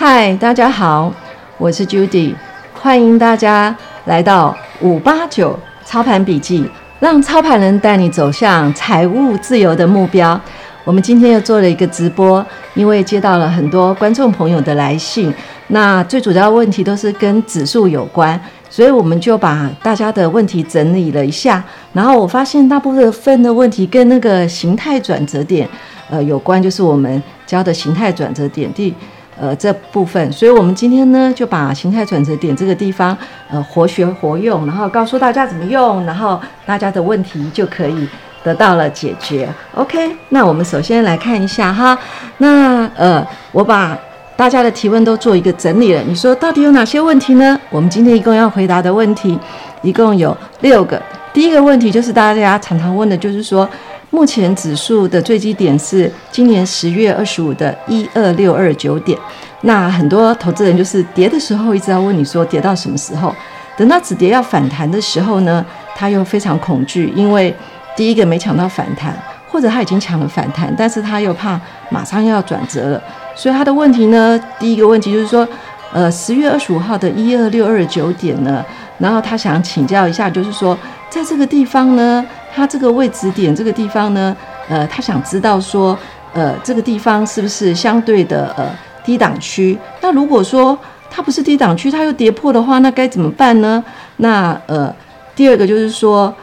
嗨，大家好，我是 Judy，歡迎大家來到五八九操盤筆記，讓操盤人帶你走向財務自由的目標。我們今天又做了一個直播，因為接到了很多觀眾朋友的來信，那最主要的問題都是跟指數有關，所以我們就把大家的問題整理了一下，然後我發現大部分的問題跟那個形態轉折點，呃，有關，就是我們教的形態轉折點第。呃，這部分，所以我們今天呢就把型態轉折點這個地方，呃，活學活用，然後告訴大家怎麼用，然後大家的問題就可以得到了解決。OK，那我們首先來看一下哈，那呃，我把大家的提問都做一個整理了。你說到底有哪些問題呢？我們今天一共要回答的問題一共有六個。第一個問題就是大家常常問的，就是說。目前指數的最低點是今年十月二十五的一二六二九點。那很多投資人就是跌的時候一直在問你說跌到什麼時候？等到止跌要反彈的時候呢，他又非常恐懼，因為第一個沒搶到反彈，或者他已經搶了反彈，但是他又怕馬上又要轉折了。所以他的問題呢，第一個問題就是說，呃，十月二十五號的一二六二九點呢，然後他想請教一下，就是說在這個地方呢？它這個位置點這個地方呢，呃，他想知道說，呃，這個地方是不是相對的呃低檔區？那如果說它不是低檔區，它又跌破的話，那該怎麼辦呢？那呃，第二個就是說，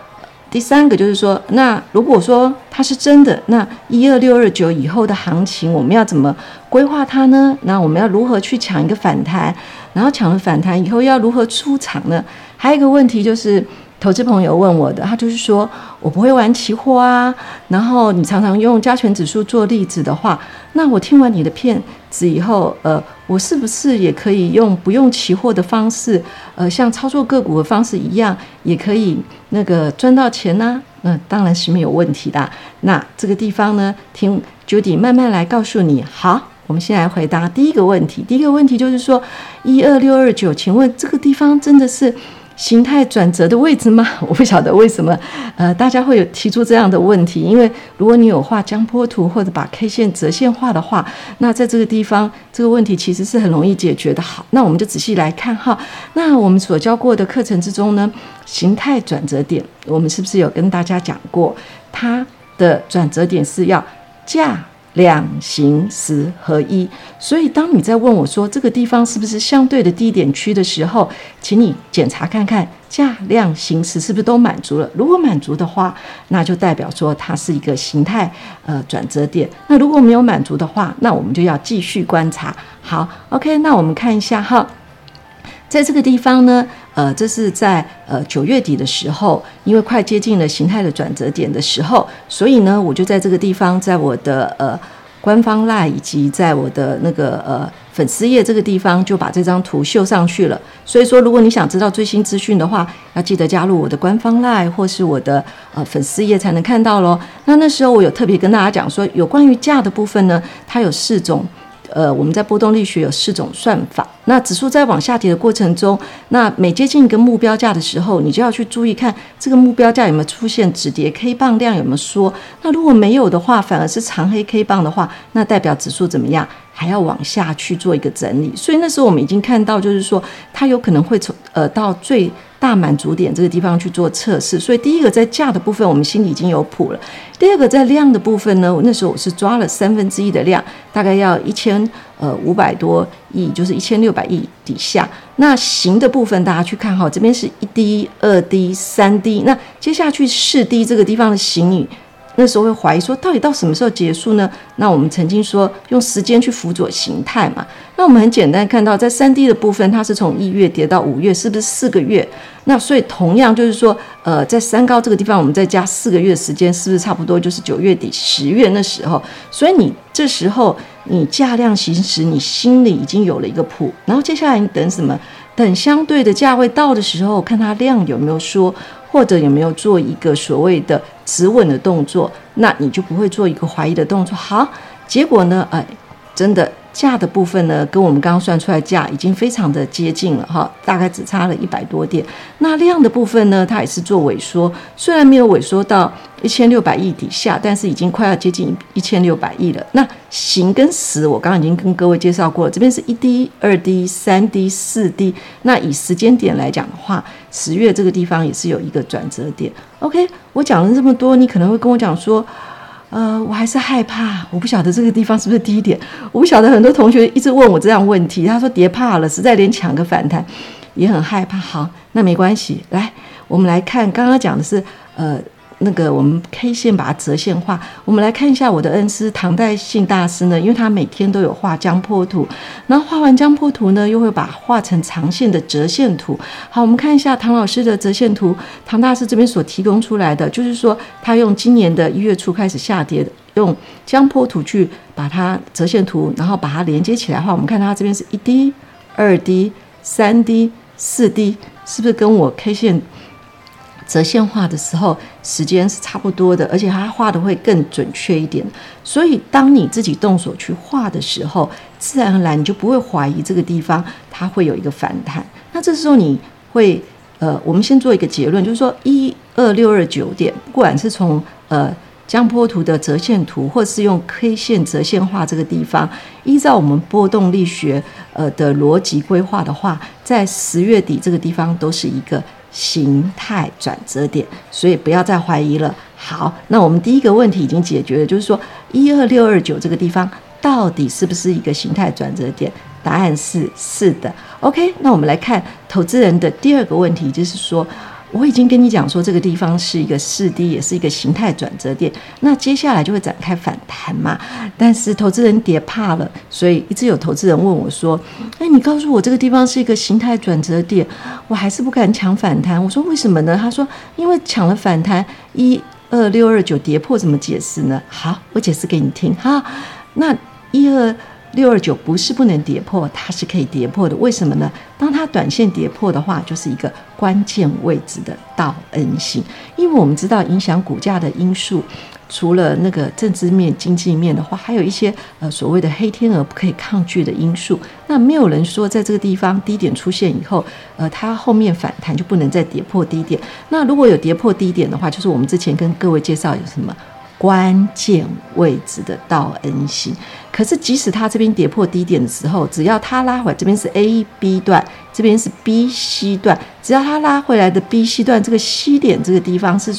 第三個就是說，那如果說它是真的，那一二六二九以後的行情我們要怎麼規劃它呢？那我們要如何去搶一個反彈？然後搶了反彈以後要如何出場呢？還有一個問題就是投資朋友問我的，他就是說。我不會玩期貨啊，然後你常常用加權指數做例子的話，那我聽完你的片子以後，呃，我是不是也可以用不用期貨的方式，呃，像操作個股的方式一樣，也可以那個賺到錢呢、啊？嗯、呃，當然是沒有問題的。那這個地方呢，聽九弟慢慢來告訴你。好，我們先來回答第一個問題。第一個問題就是說，一二六二九，請問這個地方真的是？型態轉折的位置嗎？我不曉得為什麼，呃，大家會有提出這樣的問題。因為如果你有畫江波圖或者把 K 線折線畫的話，那在這個地方這個問題其實是很容易解決的。好，那我們就仔細來看哈。那我們所教過的課程之中呢，型態轉折點，我們是不是有跟大家講過？它的轉折點是要價。量形時合一，所以當你在問我說這個地方是不是相對的低點區的時候，請你檢查看看價、量、形、時是不是都滿足了。如果滿足的話，那就代表說它是一個形態呃轉折點。那如果沒有滿足的話，那我們就要繼續觀察。好，OK，那我們看一下哈。在這個地方呢，呃，這是在呃九月底的時候，因為快接近了型態的轉折點的時候，所以呢，我就在這個地方，在我的呃官方賴以及在我的那個呃粉絲頁這個地方，就把這張圖秀上去了。所以說，如果你想知道最新資訊的話，要記得加入我的官方賴或是我的呃粉絲頁才能看到嘍。那那時候我有特別跟大家講說，有關於價的部分呢，它有四種。呃，我們在波動力學有四種算法。那指數在往下跌的過程中，那每接近一個目標價的時候，你就要去注意看這個目標價有沒有出現止跌，K 棒量有沒有縮。那如果沒有的話，反而是長黑 K 棒的話，那代表指數怎麼樣？還要往下去做一個整理，所以那時候我們已經看到，就是說它有可能會從呃到最大滿足點這個地方去做測試。所以第一個在價的部分，我們心裡已經有譜了；第二個在量的部分呢，我那時候我是抓了三分之一的量，大概要一千呃五百多億，就是一千六百億底下。那型的部分，大家去看哈，這邊是一滴、二滴、三滴，那接下去四滴這個地方的形。那時候會懷疑說，到底到什麼時候結束呢？那我們曾經說用時間去輔佐形態嘛。那我們很簡單看到，在三低的部分，它是從一月跌到五月，是不是四個月？那所以同樣就是說，呃，在三高這個地方，我們再加四個月的時間，是不是差不多就是九月底、十月那時候？所以你這時候你價量行駛，你心裡已經有了一個譜，然後接下來你等什麼？等相對的價位到的時候，看它量有沒有說。或者有沒有做一個所謂的止穩的動作，那你就不會做一個懷疑的動作。好，結果呢？哎，真的。價的部分呢，跟我們剛剛算出來的價已經非常的接近了哈，大概只差了一百多點。那量的部分呢，它也是做萎縮，雖然沒有萎縮到一千六百億底下，但是已經快要接近一千六百億了。那形跟時，我剛剛已經跟各位介紹過了，這邊是一底、二底、三底、四底。那以時間點來講的話，十月這個地方也是有一個轉折點。OK，我講了這麼多，你可能會跟我講說。呃，我還是害怕，我不曉得這個地方是不是低點，我不曉得很多同學一直問我這樣的問題，他說跌怕了，實在連搶個反彈也很害怕。好，那沒關係，來，我們來看剛剛講的是，呃。那個我們 K 線把它折線畫，我們來看一下我的恩師唐代信大師呢，因為他每天都有畫江坡圖，然後畫完江坡圖呢，又會把畫成長線的折線圖。好，我們看一下唐老師的折線圖，唐大師這邊所提供出來的，就是說他用今年的一月初開始下跌，用江坡圖去把它折線圖，然後把它連接起來畫。我們看它這邊是一低、二低、三低、四低，是不是跟我 K 線？折線畫的時候，時間是差不多的，而且它畫的會更準確一點。所以，當你自己動手去畫的時候，自然而然你就不會懷疑這個地方它會有一個反彈。那這時候你會，呃，我們先做一個結論，就是說，一二六二九點，不管是從呃江波圖的折線圖，或是用 K 線折線畫這個地方，依照我們波動力學呃的邏輯規劃的話，在十月底這個地方都是一個。形態轉折點，所以不要再懷疑了。好，那我們第一個問題已經解決了，就是說12629這個地方到底是不是一個形態轉折點？答案是是的。OK，那我們來看投資人的第二個問題，就是說。我已經跟你講說，這個地方是一個四低，也是一個型態轉折點。那接下來就會展開反彈嘛。但是投資人跌怕了，所以一直有投資人問我說：“那、欸、你告訴我這個地方是一個型態轉折點，我還是不敢搶反彈。”我說：“為什麼呢？”他說：“因為搶了反彈，一二六二九跌破，怎麼解釋呢？”好，我解釋給你聽哈。那一二。六二九不是不能跌破，它是可以跌破的。為什麼呢？當它短線跌破的話，就是一個關鍵位置的倒 N 形。因為我們知道，影響股價的因素，除了那個政治面、經濟面的話，還有一些呃所謂的黑天鵝，不可以抗拒的因素。那沒有人說，在這個地方低點出現以後，呃，它後面反彈就不能再跌破低點。那如果有跌破低點的話，就是我們之前跟各位介紹有什麼關鍵位置的倒 N 形。可是，即使它這邊跌破低點的時候，只要它拉回來，這邊是 A B 段，這邊是 B C 段，只要它拉回來的 B C 段這個 C 點這個地方是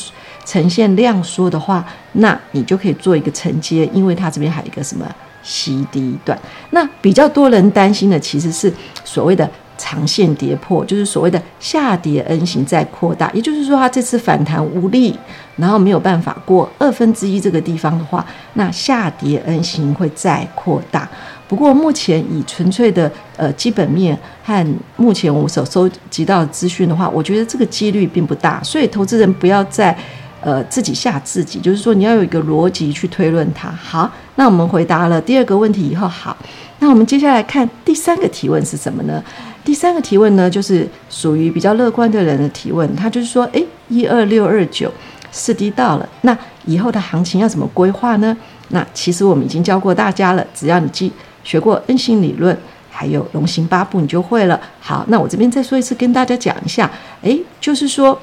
呈現量縮的話，那你就可以做一個承接，因為它這邊還有一個什麼 C D 段。那比較多人擔心的其實是所謂的。長線跌破就是所謂的下跌 N 型再擴大，也就是說它這次反彈無力，然後沒有辦法過二分之一這個地方的話，那下跌 N 型會再擴大。不過目前以純粹的呃基本面和目前我所收集到的資訊的話，我覺得這個幾率並不大，所以投資人不要再呃自己嚇自己，就是說你要有一個邏輯去推論它。好，那我們回答了第二個問題以後，好，那我們接下來看第三個提問是什麼呢？第三個提問呢，就是屬於比較樂觀的人的提問，他就是說，哎，一二六二九四 D 到了，那以後的行情要怎麼規劃呢？那其實我們已經教過大家了，只要你記學過 N 型理論，還有龍行八步，你就會了。好，那我這邊再說一次，跟大家講一下，哎，就是說，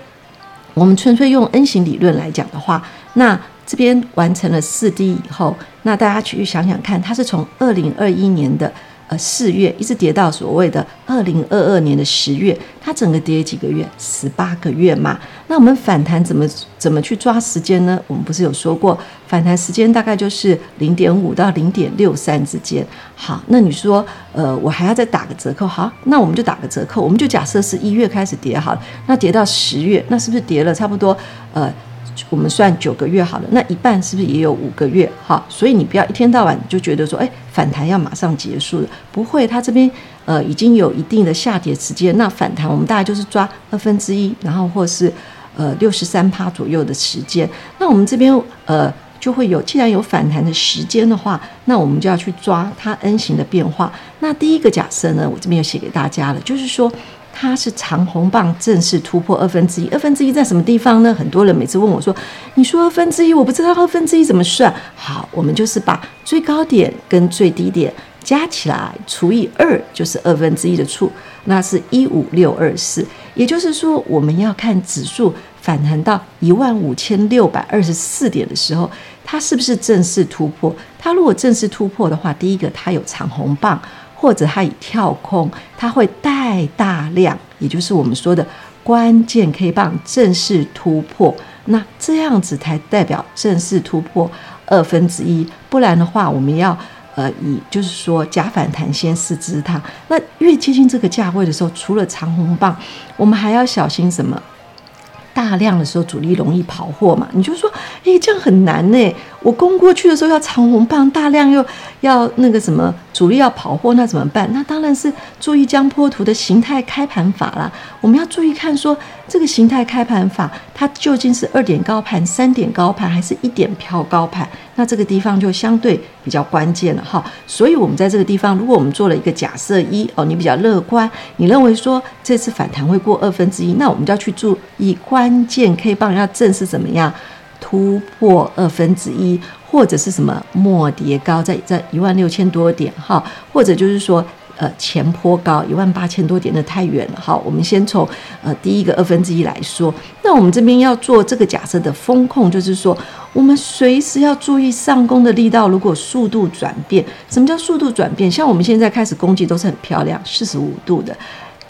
我們純粹用 N 型理論來講的話，那這邊完成了四 D 以後，那大家去想想看，它是從二零二一年的。呃、四月一直跌到所謂的二零二二年的十月，它整個跌幾個月？十八個月嘛。那我們反彈怎麼怎麼去抓時間呢？我們不是有說過，反彈時間大概就是零點五到零點六三之間。好，那你說，呃，我還要再打個折扣，好，那我們就打個折扣，我們就假設是一月開始跌好了，那跌到十月，那是不是跌了差不多？呃。我們算九個月好了，那一半是不是也有五個月？好，所以你不要一天到晚就覺得說，哎、欸，反彈要馬上結束了，不會，它這邊呃已經有一定的下跌時間，那反彈我們大概就是抓二分之一，然後或是呃六十三趴左右的時間，那我們這邊呃就會有，既然有反彈的時間的話，那我們就要去抓它 N 型的變化。那第一個假設呢，我這邊有寫給大家了，就是說。它是長紅棒正式突破二分之一，二分之一在什麼地方呢？很多人每次問我說：“你說二分之一，我不知道二分之一怎麼算。”好，我們就是把最高點跟最低點加起來除以二，就是二分之一的處，那是一五六二四。也就是說，我們要看指數反彈到一萬五千六百二十四點的時候，它是不是正式突破？它如果正式突破的話，第一個它有長紅棒。或者它已跳空，它會帶大量，也就是我們說的關鍵 K 棒，正式突破，那這樣子才代表正式突破二分之一，不然的話我們要呃以就是說假反彈先試之它。那越接近這個價位的時候，除了長紅棒，我們還要小心什麼？大量的時候主力容易跑貨嘛？你就說，誒、欸、這樣很難呢、欸。我攻過去的時候要長紅棒，大量又要那個什麼主力要跑貨，那怎麼辦？那當然是注意江波圖的形態開盤法啦。我們要注意看說，說這個形態開盤法它究竟是二點高盤、三點高盤，還是一點飄高盤？那這個地方就相對比較關鍵了哈。所以，我們在這個地方，如果我們做了一個假設一哦，你比較樂觀，你認為說，這次反彈會過二分之一，那我們就要去注意關鍵 K 棒要正是怎麼樣。突破二分之一，或者是什麼末跌高，在在一萬六千多點哈，或者就是說，呃前波高一萬八千多點，那太遠了。好，我們先從呃第一個二分之一來說。那我們這邊要做這個假設的風控，就是說我們隨時要注意上攻的力道，如果速度轉變，什麼叫速度轉變？像我們現在開始攻擊都是很漂亮，四十五度的。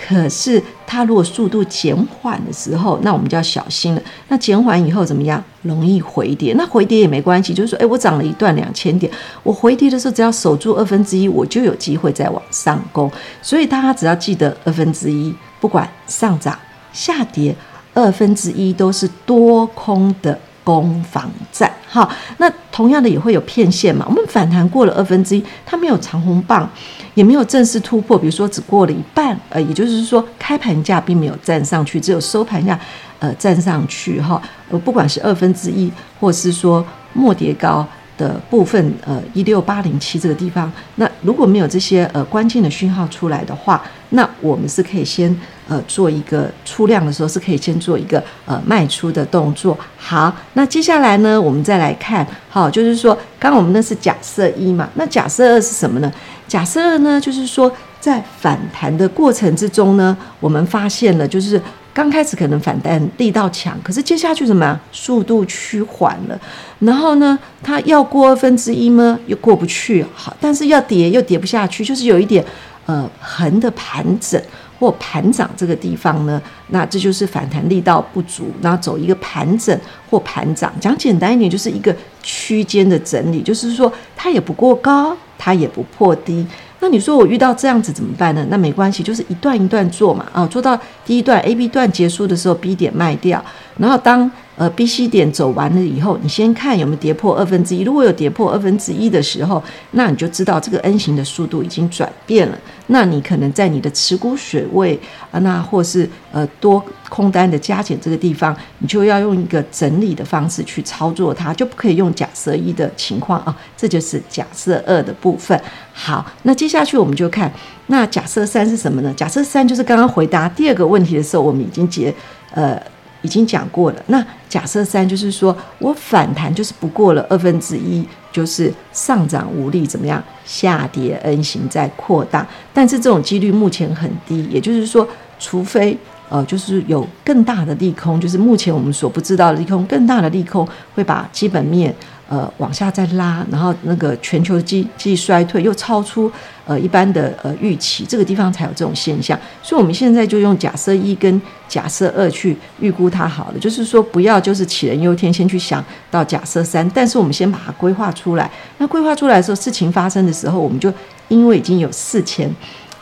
可是它如果速度減緩的時候，那我們就要小心了。那減緩以後怎麼樣？容易回跌。那回跌也沒關係，就是說，哎、欸，我漲了一段兩千點，我回跌的時候只要守住二分之一，我就有機會再往上攻。所以大家只要記得二分之一，不管上漲下跌，二分之一都是多空的攻防戰，哈，那同樣的也會有騙線嘛。我們反彈過了二分之一，它沒有長紅棒，也沒有正式突破，比如說只過了一半，呃，也就是說開盤價並沒有站上去，只有收盤價呃站上去哈。呃，不管是二分之一，或是說莫迭高，的部分，呃，一六八零七這個地方，那如果沒有這些呃關鍵的訊號出來的話，那我們是可以先呃做一個出量的時候是可以先做一個呃賣出的動作。好，那接下來呢，我們再來看，好、哦，就是說剛剛我們那是假設一嘛，那假設二是什麼呢？假設二呢，就是說在反彈的過程之中呢，我們發現了就是。剛開始可能反彈力道強，可是接下去怎麼樣？速度趨緩了，然後呢，它要過二分之一嗎？又過不去。好，但是要跌又跌不下去，就是有一點呃橫的盤整或盤漲這個地方呢，那這就是反彈力道不足，然後走一個盤整或盤漲。講簡單一點，就是一個區間的整理，就是說它也不過高，它也不破低。那你說我遇到這樣子怎麼辦呢？那沒關係，就是一段一段做嘛。啊，做到第一段 A、B 段結束的時候，B 點賣掉，然後當。呃，B C 點走完了以後，你先看有沒有跌破二分之一。如果有跌破二分之一的時候，那你就知道這個 N 型的速度已經轉變了。那你可能在你的持股水位啊，那或是呃多空單的加減這個地方，你就要用一個整理的方式去操作它，就不可以用假設一的情況啊。這就是假設二的部分。好，那接下去我們就看那假設三是什麼呢？假設三就是剛剛回答第二個問題的時候，我們已經結呃。已經講過了。那假設三就是說我反彈就是不過了二分之一，就是上漲無力，怎麼樣？下跌 N 型在擴大，但是這種幾率目前很低。也就是說，除非呃，就是有更大的利空，就是目前我們所不知道的利空，更大的利空會把基本面。呃，往下再拉，然後那個全球的經濟衰退又超出呃一般的呃預期，這個地方才有這種現象。所以，我們現在就用假設一跟假設二去預估它好了，就是說不要就是杞人憂天，先去想到假設三。但是，我們先把它規劃出來。那規劃出來的時候，事情發生的時候，我們就因為已經有事前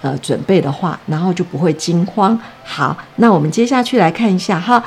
呃準備的話，然後就不會驚慌。好，那我們接下去來看一下哈，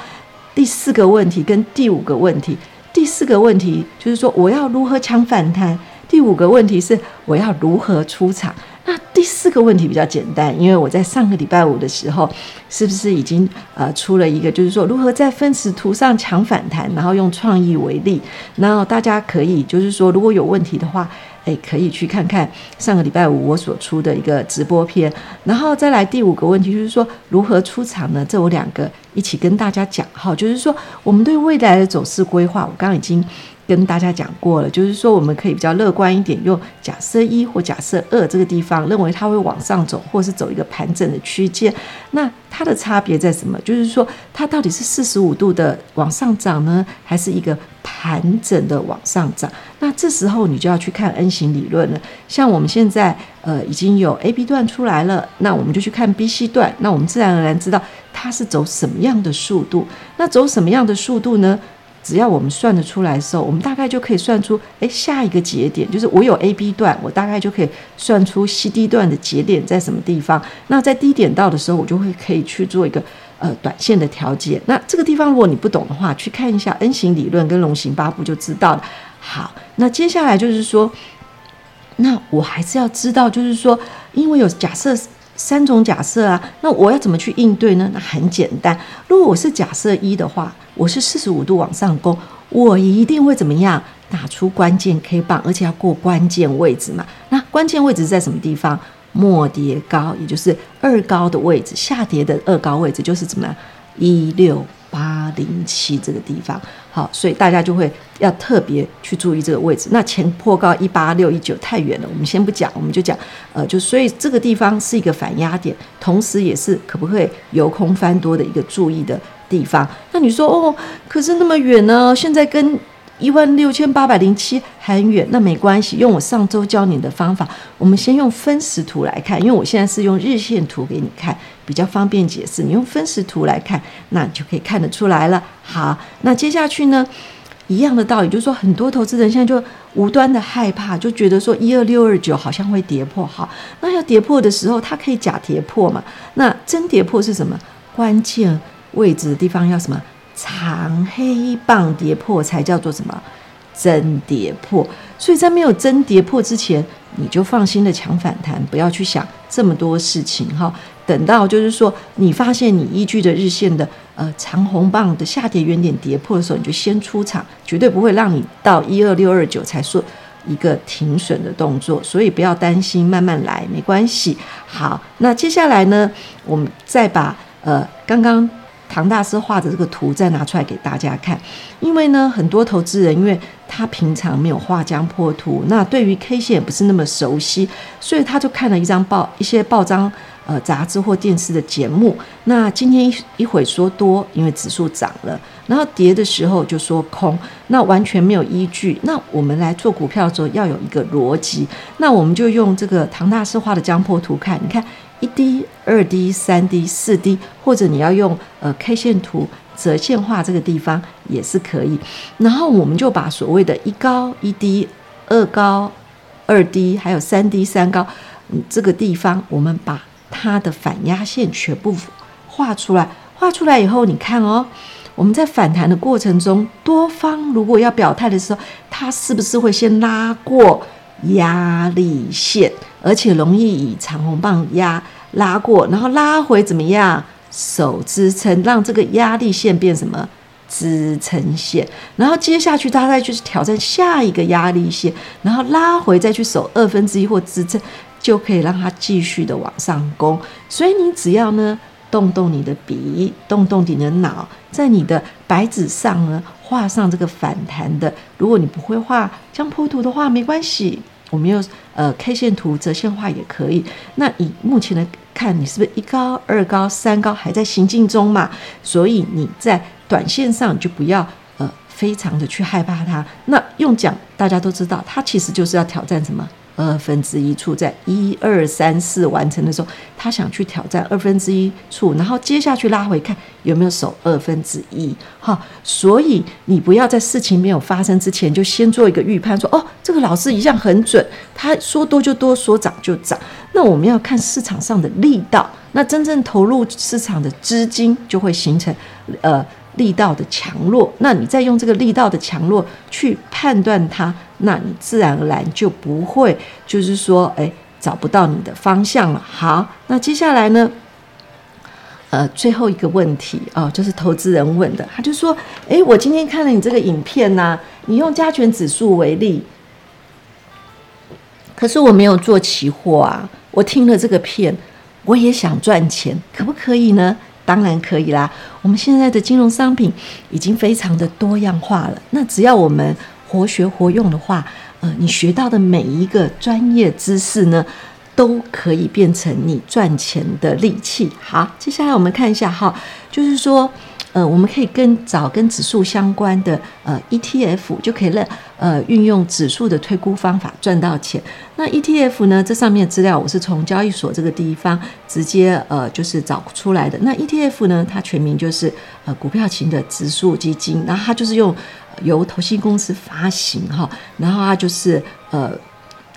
第四個問題跟第五個問題。第四個問題就是說，我要如何搶反彈？第五個問題是，我要如何出場？那第四個問題比較簡單，因為我在上個禮拜五的時候，是不是已經呃出了一個，就是說如何在分時圖上搶反彈，然後用創意為例，那大家可以就是說如果有問題的話，誒、欸、可以去看看上個禮拜五我所出的一個直播片。然後再來第五個問題，就是說如何出場呢？這我兩個一起跟大家講，好，就是說我們對未來的走勢規劃，我剛已經跟大家講過了，就是說我們可以比較樂觀一點，用假設一或假設二這個地方，認為它會往上走，或是走一個盤整的區間。那它的差別在什麼？就是說它到底是四十五度的往上漲呢，還是一個盤整的往上漲？那這時候你就要去看 N 型理論了。像我們現在呃已經有 AB 段出來了，那我們就去看 BC 段，那我們自然而然知道它是走什麼樣的速度？那走什麼樣的速度呢？只要我們算得出來的時候，我們大概就可以算出，誒、欸，下一個節點就是我有 A B 段，我大概就可以算出 C D 段的節點在什麼地方。那在低點到的時候，我就會可以去做一個呃短線的調節。那這個地方如果你不懂的話，去看一下 N 型理論跟龍形八部就知道了。好，那接下來就是說，那我還是要知道，就是說，因為有假設。三種假設啊，那我要怎麼去應對呢？那很簡單，如果我是假設一的話，我是四十五度往上攻，我一定會怎麼樣？打出關鍵 K 棒，而且要過關鍵位置嘛。那關鍵位置在什麼地方？末跌高，也就是二高的位置，下跌的二高位置就是怎麼樣？一六。16八零七這個地方，好，所以大家就會要特別去注意這個位置。那前破高一八六一九太遠了，我們先不講，我們就講，呃，就所以這個地方是一個反壓點，同時也是可不可以由空翻多的一個注意的地方。那你說哦，可是那麼遠呢、啊？現在跟。一萬六千八百零七很遠，那沒關係，用我上周教你的方法，我們先用分時圖來看，因為我現在是用日線圖給你看，比較方便解釋。你用分時圖來看，那你就可以看得出來了。好，那接下去呢，一樣的道理，就是說很多投資人現在就無端的害怕，就覺得說一二六二九好像會跌破。好，那要跌破的時候，它可以假跌破嘛，那真跌破是什麼？關鍵位置的地方要什麼？長黑棒跌破才叫做什麼？真跌破。所以在沒有真跌破之前，你就放心的搶反彈，不要去想這麼多事情哈。等到就是說你發現你依據的日線的呃長紅棒的下跌原點跌破的時候，你就先出場，絕對不會讓你到一二六二九才說一個停損的動作。所以不要擔心，慢慢來沒關係。好，那接下來呢，我們再把呃剛剛。剛剛唐大師畫的這個圖再拿出來給大家看，因為呢，很多投資人因為他平常沒有畫江坡圖，那對於 K 線也不是那麼熟悉，所以他就看了一張報一些報章呃雜誌或電視的節目。那今天一一會說多，因為指數漲了，然後跌的時候就說空，那完全沒有依據。那我們來做股票的時候要有一個邏輯，那我們就用這個唐大師畫的江坡圖看，你看。一低、二低、三低、四低，或者你要用呃 K 線圖折線畫這個地方也是可以。然後我們就把所謂的一高一低、二高二低，還有三低三高，嗯，這個地方我們把它的反壓線全部畫出來。畫出來以後，你看哦，我們在反彈的過程中，多方如果要表態的時候，它是不是會先拉過？壓力線，而且容易以長紅棒壓拉過，然後拉回怎麼樣？手支撐，讓這個壓力線變什麼？支撐線。然後接下去，他再去挑戰下一個壓力線，然後拉回再去守二分之一或支撐，就可以讓它繼續的往上攻。所以你只要呢動動你的筆，動動你的腦，在你的白紙上呢。畫上這個反彈的，如果你不會畫江波圖的話，沒關係，我們用呃 K 線圖折線畫也可以。那以目前來看，你是不是一高二高三高還在行進中嘛？所以你在短線上就不要呃非常的去害怕它。那用講大家都知道，它其實就是要挑戰什麼？二分之一處，在一二三四完成的時候，他想去挑戰二分之一處，然後接下去拉回看有沒有守二分之一哈、哦。所以你不要在事情沒有發生之前就先做一個預判說，說哦，這個老師一向很準，他說多就多，說漲就漲。那我們要看市場上的力道，那真正投入市場的資金就會形成呃力道的強弱。那你再用這個力道的強弱去判斷它。那你自然而然就不會，就是說，誒，找不到你的方向了。好，那接下來呢？呃，最後一個問題哦，就是投資人問的，他就說，哎，我今天看了你這個影片吶，你用加權指數為例，可是我沒有做期貨啊，我聽了這個片，我也想賺錢，可不可以呢？當然可以啦，我們現在的金融商品已經非常的多樣化了，那只要我們。活學活用的話，呃，你學到的每一個專業知識呢，都可以變成你賺錢的利器。好，接下來我們看一下哈，就是說。呃，我們可以跟找跟指數相關的呃 ETF 就可以了，呃，運用指數的推估方法賺到錢。那 ETF 呢？這上面的資料我是從交易所這個地方直接呃就是找出來的。那 ETF 呢？它全名就是呃股票型的指數基金，然後它就是用、呃、由投信公司發行哈，然後它就是呃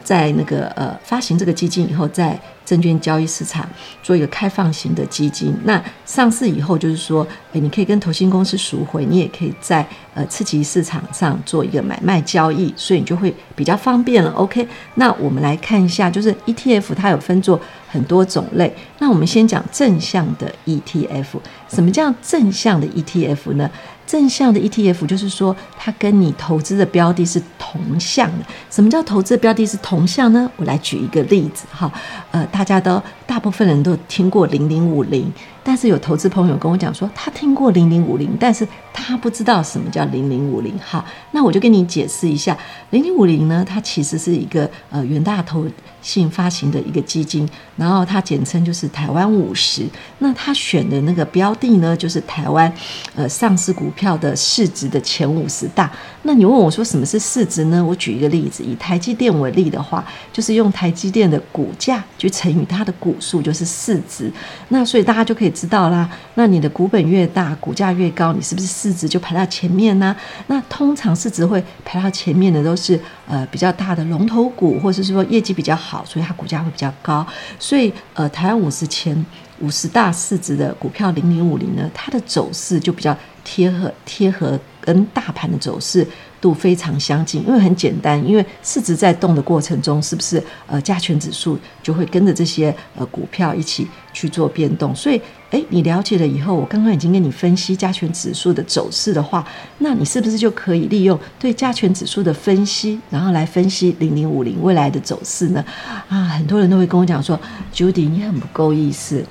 在那個呃發行這個基金以後再。證券交易市場做一個開放型的基金，那上市以後就是說，誒，你可以跟投信公司贖回，你也可以在呃次級市場上做一個買賣交易，所以你就會比較方便了。OK，那我們來看一下，就是 ETF 它有分作很多種類，那我們先講正向的 ETF，什麼叫正向的 ETF 呢？正向的 ETF 就是說，它跟你投資的標的是同向的。什麼叫投資的標的是同向呢？我來舉一個例子哈，呃，大家都大部分人都聽過0050。但是有投資朋友跟我講說，他聽過零零五零，但是他不知道什麼叫零零五零。好，那我就跟你解釋一下，零零五零呢，它其實是一個呃元大投信發行的一個基金，然後它簡稱就是台灣五十。那它選的那個標的呢，就是台灣呃上市股票的市值的前五十大。那你問我說什麼是市值呢？我舉一個例子，以台積電為例的話，就是用台積電的股價去乘以它的股數，就是市值。那所以大家就可以知道啦。那你的股本越大，股價越高，你是不是市值就排到前面呢、啊？那通常市值會排到前面的都是呃比較大的龍頭股，或者是說業績比較好，所以它股價會比較高。所以呃，台灣五十前五十大市值的股票零零五零呢，它的走勢就比較貼合貼合，跟大盤的走勢都非常相近，因為很簡單，因為市值在動的過程中，是不是呃加權指數就會跟着這些呃股票一起去做變動？所以，哎、欸，你了解了以後，我剛剛已經跟你分析加權指數的走勢的話，那你是不是就可以利用對加權指數的分析，然後來分析零零五零未來的走勢呢？啊，很多人都會跟我講說，Judy，你很不夠意思，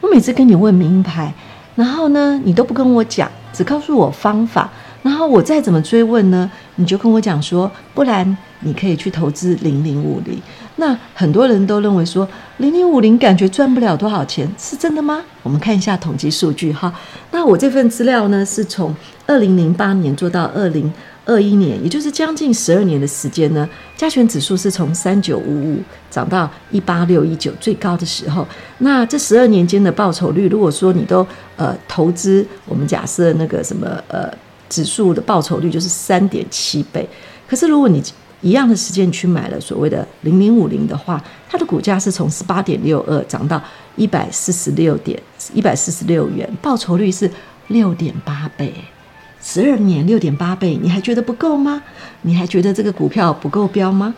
我每次跟你問名牌，然後呢，你都不跟我講，只告訴我方法。然後我再怎麼追問呢？你就跟我講說，不然你可以去投資零零五零。那很多人都認為說零零五零感覺賺不了多少錢，是真的嗎？我們看一下統計數據哈。那我這份資料呢，是從二零零八年做到二零二一年，也就是將近十二年的時間呢。加權指數是從三九五五漲到一八六一九最高的時候。那這十二年間的報酬率，如果說你都呃投資，我們假設那個什麼呃。指數的報酬率就是三點七倍，可是如果你一樣的時間去買了所謂的零零五零的話，它的股價是從十八點六二漲到一百四十六點一百四十六元，報酬率是六點八倍，十二年六點八倍，你還覺得不夠嗎？你還覺得這個股票不夠標嗎？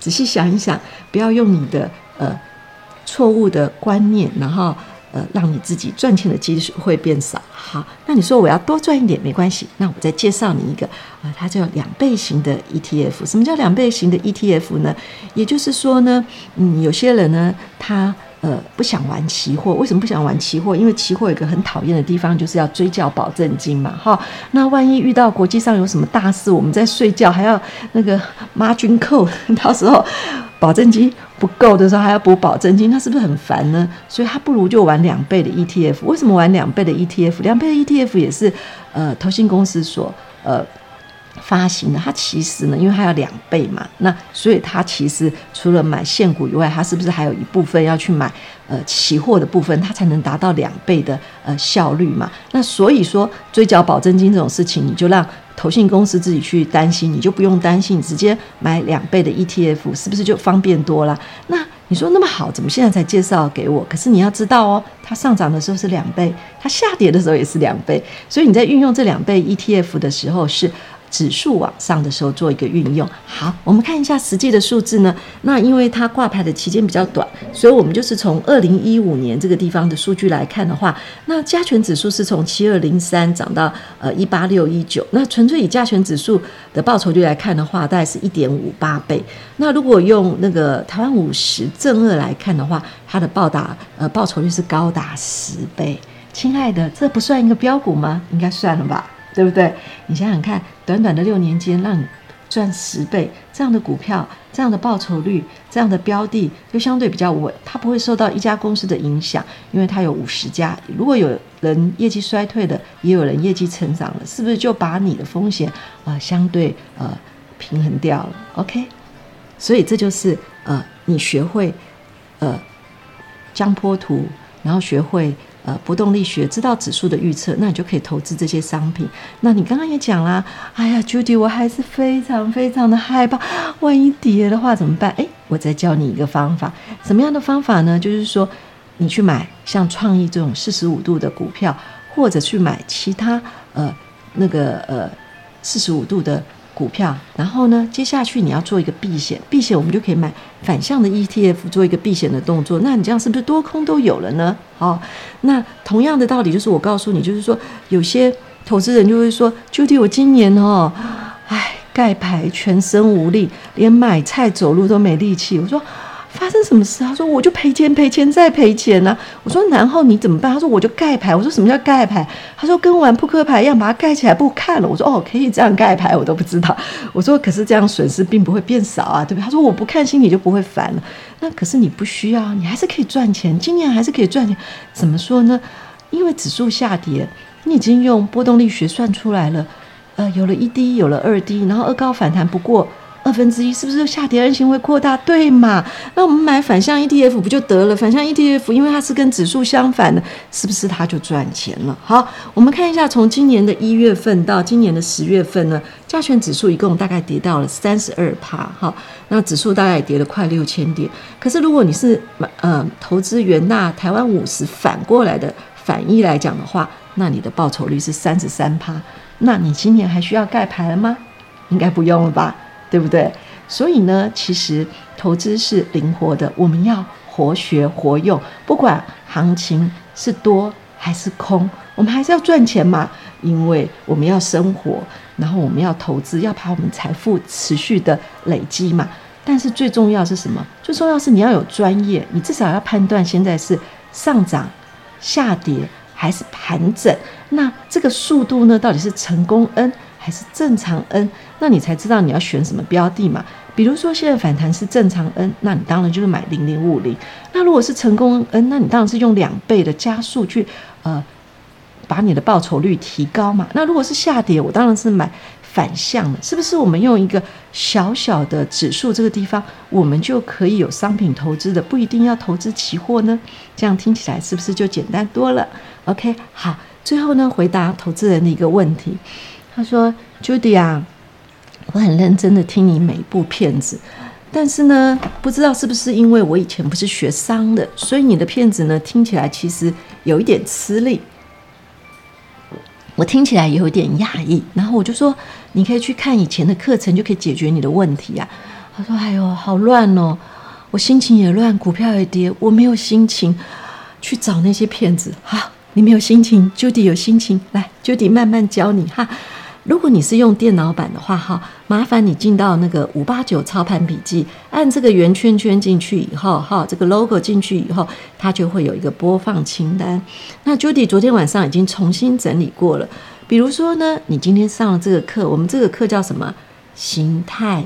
仔細想一想，不要用你的呃錯誤的觀念，然後。呃，讓你自己賺錢的機會變少。好，那你說我要多賺一點沒關係。那我再介紹你一個，呃，它叫兩倍型的 ETF。什麼叫兩倍型的 ETF 呢？也就是說呢，嗯，有些人呢，他呃不想玩期貨。為什麼不想玩期貨？因為期貨有一個很討厭的地方，就是要追繳保證金嘛，哈、哦。那萬一遇到國際上有什麼大事，我們在睡覺還要那個 Margin call 到時候。保證金不夠的時候還要補保證金，那是不是很煩呢？所以他不如就玩兩倍的 ETF。為什麼玩兩倍的 ETF？兩倍的 ETF 也是呃，投信公司所呃發行的。它其實呢，因為它要兩倍嘛，那所以它其實除了買現股以外，它是不是還有一部分要去買呃期貨的部分，它才能達到兩倍的呃效率嘛？那所以說追繳保證金這種事情，你就讓。投信公司自己去擔心，你就不用擔心，直接買兩倍的 ETF，是不是就方便多了？那你說那麼好，怎麼現在才介紹給我？可是你要知道哦，它上漲的時候是兩倍，它下跌的時候也是兩倍，所以你在運用這兩倍 ETF 的時候是。指數往上的時候做一個運用。好，我們看一下實際的數字呢？那因為它掛牌的期間比較短，所以我們就是從二零一五年這個地方的數據來看的話，那加權指數是從七二零三漲到呃一八六一九。那純粹以加權指數的報酬率來看的話，大概是一點五八倍。那如果用那個台灣五十正二來看的話，它的報達呃報酬率是高達十倍。親愛的，這不算一個標股嗎？應該算了吧？對不對？你想想看。短短的六年間讓你賺十倍這樣的股票，這樣的報酬率，這樣的標的就相對比較穩，它不會受到一家公司的影響，因為它有五十家。如果有人業績衰退了，也有人業績成長了，是不是就把你的風險啊、呃、相對呃平衡掉了？OK，所以這就是呃你學會呃江波圖，然後學會。呃，不動力學知道指數的預測，那你就可以投資這些商品。那你剛剛也講啦，哎呀，Judy，我還是非常非常的害怕，萬一跌的話怎麼辦？哎、欸，我再教你一個方法，什麼樣的方法呢？就是說，你去買像創意這種四十五度的股票，或者去買其他呃那個呃四十五度的。股票，然後呢？接下去你要做一個避險，避險我們就可以買反向的 ETF 做一個避險的動作。那你這樣是不是多空都有了呢？哦，那同樣的道理就是我告訴你，就是說有些投資人就會說，Judy 我今年哦，唉，蓋牌全身無力，連買菜走路都沒力氣。我說。發生什麼事啊？他說：“我就賠錢，賠錢再賠錢吶！”我說：“然後你怎麼辦？”他說：“我就蓋牌。”我說：“什麼叫蓋牌？”他說：“跟玩撲克牌一樣，把它蓋起來不看了。”我說：“哦，可以這樣蓋牌，我都不知道。”我說：“可是這樣損失並不會變少啊，對不對？”他說：“我不看，心裡就不會煩了。那可是你不需要，你還是可以賺錢，今年還是可以賺錢。怎麼說呢？因為指數下跌，你已經用波動力學算出來了。呃，有了一低，有了二低，然後二高反彈不過。”二分之一是不是下跌行情會擴大？對嘛？那我們買反向 ETF 不就得了？反向 ETF 因為它是跟指數相反的，是不是它就賺錢了？好，我們看一下，從今年的一月份到今年的十月份呢，加權指數一共大概跌到了三十二趴。哈，那指數大概也跌了快六千點。可是如果你是買呃、嗯、投資元大台灣五十反過來的反一來講的話，那你的報酬率是三十三趴。那你今年還需要蓋牌了嗎？應該不用了吧？對不對？所以呢，其實投資是靈活的，我們要活學活用。不管行情是多還是空，我們還是要賺錢嘛，因為我們要生活，然後我們要投資，要把我們財富持續的累積嘛。但是最重要是什麼？最重要是你要有專業，你至少要判斷現在是上漲、下跌還是盤整。那這個速度呢，到底是成功？嗯。還是正常 N，那你才知道你要選什麼標的嘛。比如說現在反彈是正常 N，那你當然就是買零零五零。那如果是成功 N，那你當然是用兩倍的加速去呃，把你的報酬率提高嘛。那如果是下跌，我當然是買反向了，是不是？我們用一個小小的指數這個地方，我們就可以有商品投資的，不一定要投資期貨呢。這樣聽起來是不是就簡單多了？OK，好，最後呢，回答投資人的一個問題。他說：“Judy 啊，我很認真的聽你每一部片子，但是呢，不知道是不是因為我以前不是學商的，所以你的片子呢聽起來其實有一點吃力，我聽起來有一點壓抑。然後我就說，你可以去看以前的課程，就可以解決你的問題啊。”他說：“哎呦，好亂哦、喔，我心情也亂，股票也跌，我沒有心情去找那些片子。好，啊，你沒有心情，Judy 有心情，來，Judy 慢慢教你哈。”如果你是用電腦版的話，哈，麻煩你進到那個五八九操盤筆記，按這個圓圈圈進去以後，哈，這個 logo 進去以後，它就會有一個播放清單。那 Judy 昨天晚上已經重新整理過了。比如說呢，你今天上了這個課，我們這個課叫什麼？型態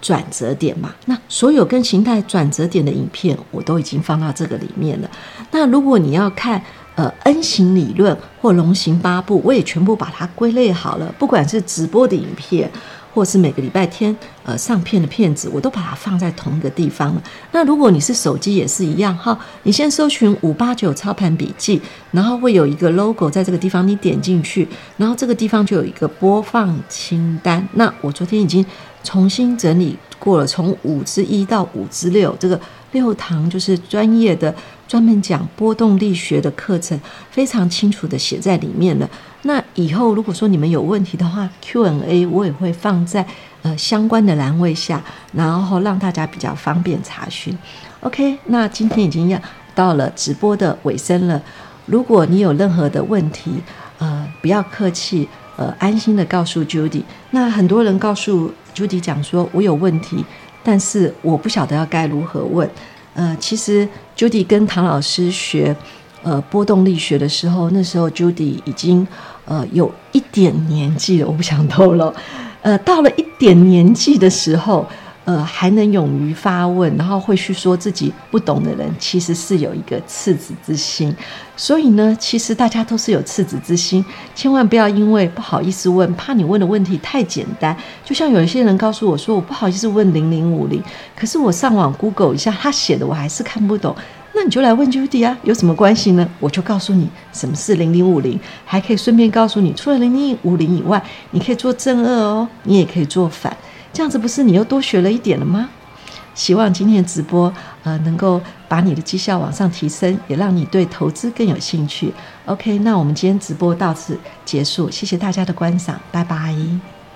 轉折點嘛。那所有跟型態轉折點的影片，我都已經放到這個裡面了。那如果你要看，呃，N 型理論或龍形八步，我也全部把它歸類好了。不管是直播的影片，或是每個禮拜天呃上片的片子，我都把它放在同一個地方了。那如果你是手機也是一樣哈，你先搜尋“五八九操盤筆記”，然後會有一個 logo 在這個地方，你點進去，然後這個地方就有一個播放清單。那我昨天已經重新整理過了，從五之一到五之六這個。六堂就是專業的、專門講波動力學的課程，非常清楚的寫在裡面了。那以後如果說你們有問題的話，Q&A 我也會放在呃相關的欄位下，然後讓大家比較方便查詢。OK，那今天已經要到了直播的尾聲了。如果你有任何的問題，呃，不要客氣，呃，安心的告訴 Judy。那很多人告訴 Judy 講說，我有問題。但是我不曉得要該如何問，呃，其實 Judy 跟唐老師學，呃，波動力學的時候，那時候 Judy 已經呃有一點年紀了，我不想透露，呃，到了一點年紀的時候。呃，還能勇於發問，然後會去說自己不懂的人，其實是有一個赤子之心。所以呢，其實大家都是有赤子之心，千萬不要因為不好意思問，怕你問的問題太簡單。就像有一些人告訴我說，我不好意思問零零五零，可是我上網 Google 一下，他寫的我還是看不懂，那你就來問 Judy 啊，有什麼關係呢？我就告訴你什麼是零零五零，還可以順便告訴你，除了零零五零以外，你可以做正二哦，你也可以做反。這樣子不是你又多學了一點了嗎？希望今天的直播，呃，能夠把你的績效往上提升，也讓你對投資更有興趣。OK，那我們今天直播到此結束，謝謝大家的觀賞，拜拜，阿姨。